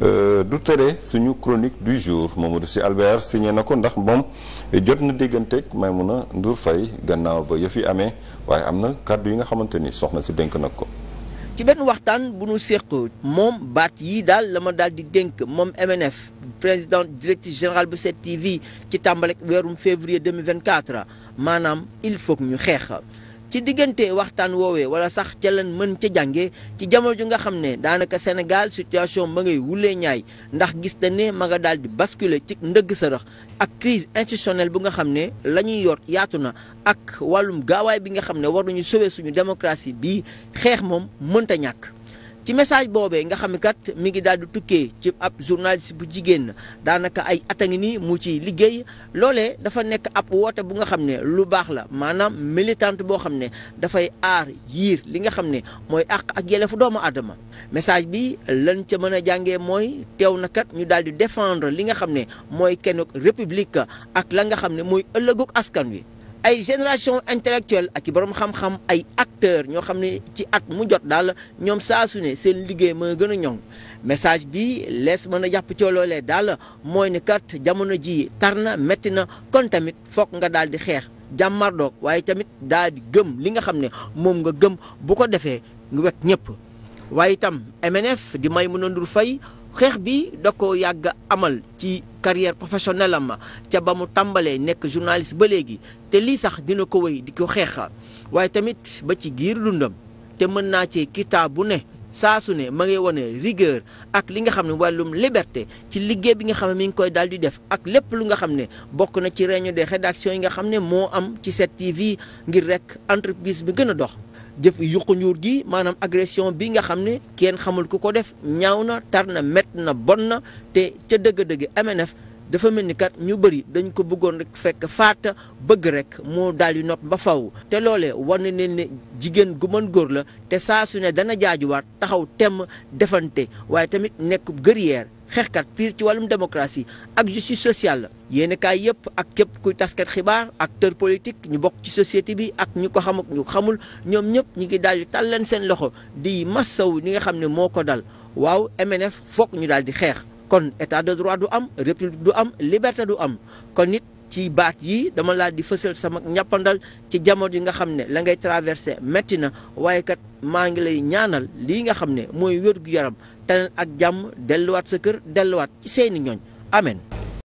Euh, du tere suñu chronique du jour Mamadou Sy Albert signé na ko ndax moom jot na mun a Ndour fay gannaaw ba yëf yi amee waaye am na kàddu yi nga xamante ni soxna si dénk nag ko. ci benn waxtaan bu nu séq moom baat yii daal la ma daal di dénk moom MNF président directrice générale bu 7TV ci tàmbale weerum février 2024 maanaam il faut que ñu xeex. ci diggante waxtaan woowe wala sax ca lan mën ca jànge ci jamono ju nga xam ne daanaka Sénégal situation ma ngay wulee ñaay ndax gis na ne ma nga daal di basculer ci ndëgg sërëx ak crise institutionnelle bu nga xam ne la ñuy yor yaatu na ak wàllum gaawaay bi nga xam ne war nañu sauver suñu démocratie bii xeex moom mënta ñàkk ci message boobee nga xam ne kat mu ngi daal di tukkee ci ab journaliste bu jigéen daanaka ay at a mu ci liggéey loole dafa nekk ab woote bu nga xam ne lu baax la maanaam militante boo xam ne dafay aar yiir li nga xam ne mooy àq ak yelleefu doomu aadama message bi lan ca mën a jàngee mooy teew na kat ñu daal di défendre li nga xam ne mooy kenn république ak la nga xam ne mooy ëllëgu askan wi. ay génération intellectuelle ak i borom xam-xam ay acteurs ñoo xam ne ci at mu jot daal ñoom saa ne seen liggéey ma gën a ñoŋ message bi lees mën a jàpp ci loolee daal mooy ne kat jamono ji tar na métti na kon tamit foog nga daal di xeex jàmmardoog waaye tamit daal di gëm li nga xam ne moom nga gëm bu ko defee nga wet ñëpp waaye itam MNF di Maïmouna Ndour Faye xeex bi da ko yàgg amal ci carrière professionnelle am ca ba mu tàmbalee nekk journaliste ba léegi te lii sax dina ko wéy di ko xeexa waaye tamit ba ci giir dundam te mën naa ci kitaab bu ne saa su ne ma ngi wane rigueur ak li nga xam ne wàllum liberté ci liggéey bi nga xam ne mi ngi koy daal di def ak lépp lu nga xam ne bokk na ci réunion de rédactions yi nga xam ne moo am ci 7TV ngir rek entreprise bi gën a dox jëf yuqu njuur gi maanaam agression bi nga xam ne kenn xamul ko ko def ñaaw na tar na mett na bon na te ca dëgg-dëgg MNF dafa mel ni kat ñu bëri dañ ko bëggoon rek fekk faata bëgg rek moo daal di not ba faw te loolee war na ne jigéen gu mën góor la te saa su ne dana jaajuwaat taxaw temm defante waaye tamit nekk guerrière xeexkat piir ci wàllum démocratie ak justice sociale la yéen yëpp ak képp kuy taskat xibaar acteur politique ñu bokk ci société bi ak ñu ko xam xamul ñoom ñëpp ñu ngi daal di tàllan seen loxo di massaw li nga xam ne moo ko dal waaw MNF foog ñu daal di xeex kon état de droit du am république du am liberté du am kon nit ci baat yi dama laa di fësal sama ñàppandal ci jamono ji nga xam ne la ngay traversé métti na waaye kat maa ngi lay ñaanal lii nga xam ne mooy wér gu yaram teneen ak jàmm delluwaat sa kër delluwaat ci seeni ñooñ amen